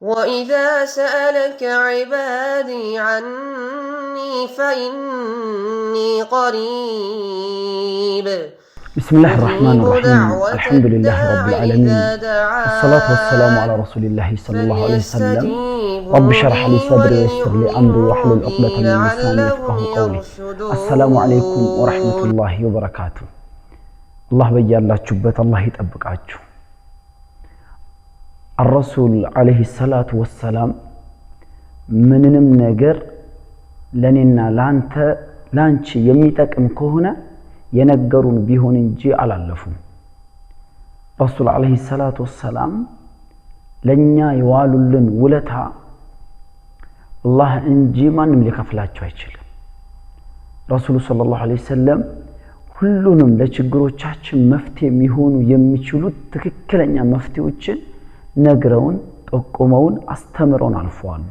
وإذا سألك عبادي عني فإني قريب بسم الله الرحمن الرحيم الحمد لله رب العالمين الصلاة والسلام على رسول الله صلى الله عليه وسلم رب اشرح لي صدري ويسر لي أمري واحلل عقدة من لساني يفقه قولي السلام عليكم ورحمة الله وبركاته الله بيجعل الله عجو. አረሱል ዓለይሂ ሰላቱ ወሰላም ምንንም ነገር ለእኔና ለአንተ ለአንቺ የሚጠቅም ከሆነ የነገሩን ቢሆን እንጂ አላለፉም። ረሱል ዓለይሂ ሰላቱ ወሰላም ለእኛ የዋሉልን ውለታ አላህ እንጂ ማንም ሊከፍላቸው አይችልም። ረሱሉ ሰለላሁ ዓለይሂ ወሰለም ሁሉንም ለችግሮቻችን መፍትሄ የሚሆኑ የሚችሉት ትክክለኛ መፍትሄዎችን ነግረውን፣ ጠቁመውን፣ አስተምረውን አልፈዋል።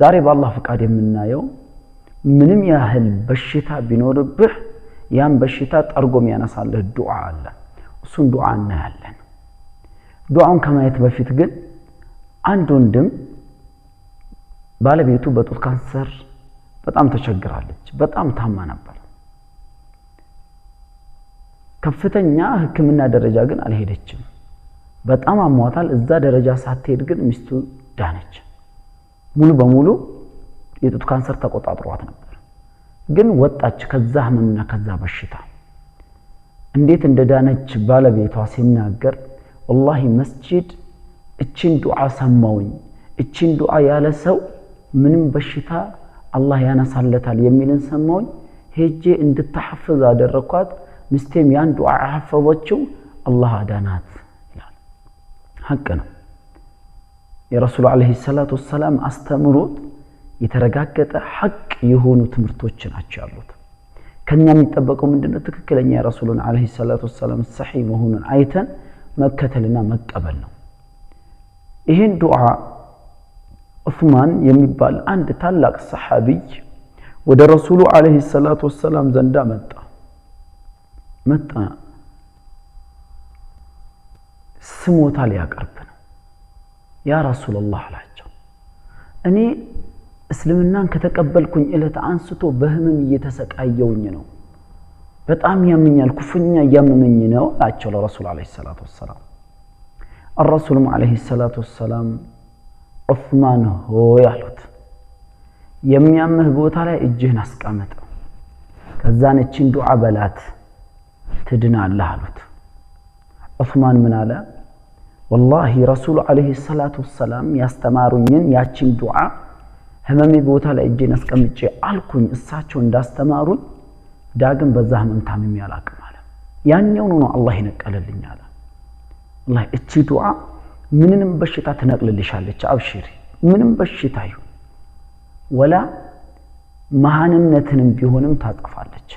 ዛሬ በአላህ ፈቃድ የምናየው ምንም ያህል በሽታ ቢኖርብህ ያን በሽታ ጠርጎ የሚያነሳልህ ዱዓ አለ። እሱን ዱዓ እናያለን። ዱዓውን ከማየት በፊት ግን አንድ ወንድም ባለቤቱ በጡት ካንሰር በጣም ተቸግራለች። በጣም ታማ ነበር። ከፍተኛ ህክምና ደረጃ ግን አልሄደችም። በጣም አሟታል። እዛ ደረጃ ሳትሄድ ግን ሚስቱ ዳነች። ሙሉ በሙሉ የጡት ካንሰር ተቆጣጥሯት ነበር፣ ግን ወጣች ከዛ ህመምና ከዛ በሽታ። እንዴት እንደዳነች ባለቤቷ ሲናገር ወላሂ መስጂድ እችን ዱዓ ሰማውኝ። እችን ዱዓ ያለ ሰው ምንም በሽታ አላህ ያነሳለታል የሚልን ሰማውኝ። ሄጄ እንድታሐፍዝ አደረኳት። ምስቴም ያን ዱዓ ያሐፈዘችው አላህ አዳናት። ሀቅ ነው። የረሱሉ ዓለይሂ ሰላቱ ወሰላም አስተምሮት የተረጋገጠ ሀቅ የሆኑ ትምህርቶች ናቸው ያሉት። ከኛ የሚጠበቀው ምንድነው? ትክክለኛ የረሱሉን ዓለይሂ ሰላቱ ወሰላም ሰሒ መሆኑን አይተን መከተልና መቀበል ነው። ይህን ዱዓ ዑስማን የሚባል አንድ ታላቅ ሰሓቢይ ወደ ረሱሉ ዓለይሂ ሰላቱ ወሰላም ዘንዳ መጣ መጣ ስሞታ ሊያቀርብ ነው። ያ ረሱላላህ አላቸው፣ እኔ እስልምናን ከተቀበልኩኝ እለት አንስቶ በህመም እየተሰቃየውኝ ነው። በጣም ያምኛል ኩፍኛ እያመመኝ ነው አላቸው ለረሱል ለ ሰላት ወሰላም። አረሱልም አለህ ሰላት ወሰላም ዑስማን ሆይ አሉት፣ የሚያምህ ቦታ ላይ እጅህን አስቀምጠው፣ ከዛን እችን ዱዓ በላት ትድናለህ አሉት። ዑስማን ምን አለ? ወላሂ ረሱሉ ዓለይሂ ሰላቱ ወሰላም ያስተማሩኝን ያችን ዱዓ ህመሜ ቦታ ላይ እጄን አስቀምጬ አልኩኝ። እሳቸው እንዳስተማሩኝ ዳግም በዛ ህመም ታምሜ አላቅም አለ። ያኛውን ነው አላህ ይነቀልልኝ አለ። ወላሂ እቺ ዱዓ ምንንም በሽታ ትነቅልልሻለች። አብሽሪ፣ ምንም በሽታ ይሁን ወላ መሃንነትንም ቢሆንም ታጠፋለች።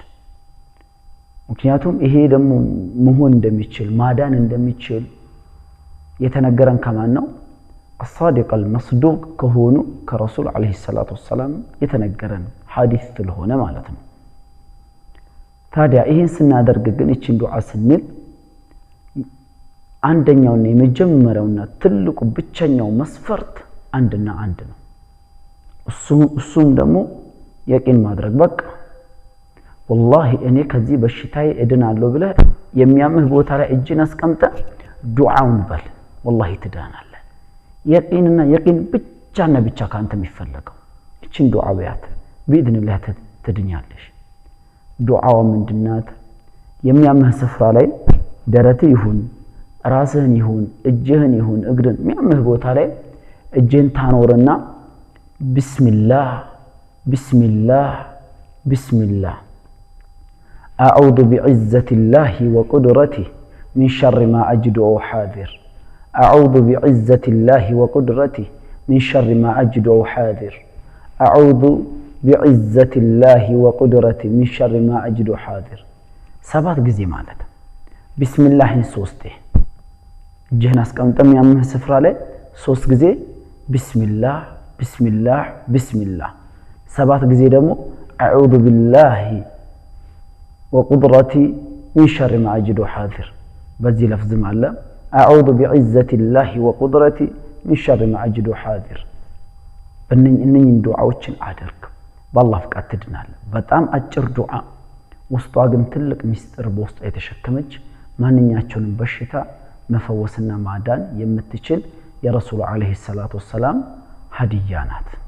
ምክንያቱም ይሄ ደግሞ መሆን እንደሚችል ማዳን እንደሚችል የተነገረን ከማን ነው? አሳዲቅ አልመስዱቅ ከሆኑ ከረሱል ዓለይሂ ሰላቱ ወሰላም የተነገረን ሐዲስ ስለሆነ ማለት ነው። ታዲያ ይህን ስናደርግ ግን ይችን ዱዓ ስንል አንደኛውና የመጀመሪያውና ትልቁ ብቸኛው መስፈርት አንድና አንድ ነው። እሱም ደግሞ የቂን ማድረግ በቃ ወላሂ እኔ ከዚህ በሽታዬ እድናለሁ ብለህ የሚያምህ ቦታ ላይ እጅን አስቀምጠ ዱዓውን በል፣ ወላሂ ትዳናለህ። የቂንና የቂን ብቻና ብቻ ከአንተ የሚፈለገው እችን ዱዓ ብያት ቢኢድንላህ ትድኛለሽ። ዱዓዋ ምንድናት? የሚያምህ ስፍራ ላይ ደረት ይሁን ራስህን ይሁን እጅህን ይሁን እግርን የሚያምህ ቦታ ላይ እጅህን ታኖርና ቢስሚላህ ቢስሚላህ ቢስሚላህ أعوذ بعزة الله وقدرته من شر ما أجد أو حاذر أعوذ بعزة الله وقدرته من شر ما أجد أو حاذر أعوذ بعزة الله وقدرته من شر ما أجد أو حاذر سبات قزي مالت بسم الله سوسته جهناس كم تم يامه سفر عليه سوس قزي بسم الله بسم الله بسم الله سبات قزي دمو أعوذ بالله وقدرتي من شر ما أجد حاذر بزي لفظ معلا أعوذ بعزة الله وقدرتي من شر ما أجد حاذر إنني دعاوتشن أدرك بالله فقط تدنال بتام أجر دعاء ውስጧ ግን ትልቅ ሚስጥር በውስጧ የተሸከመች ማንኛቸውንም በሽታ መፈወስና معدان يمتشل يا رسول عليه الصلاة والسلام هديانات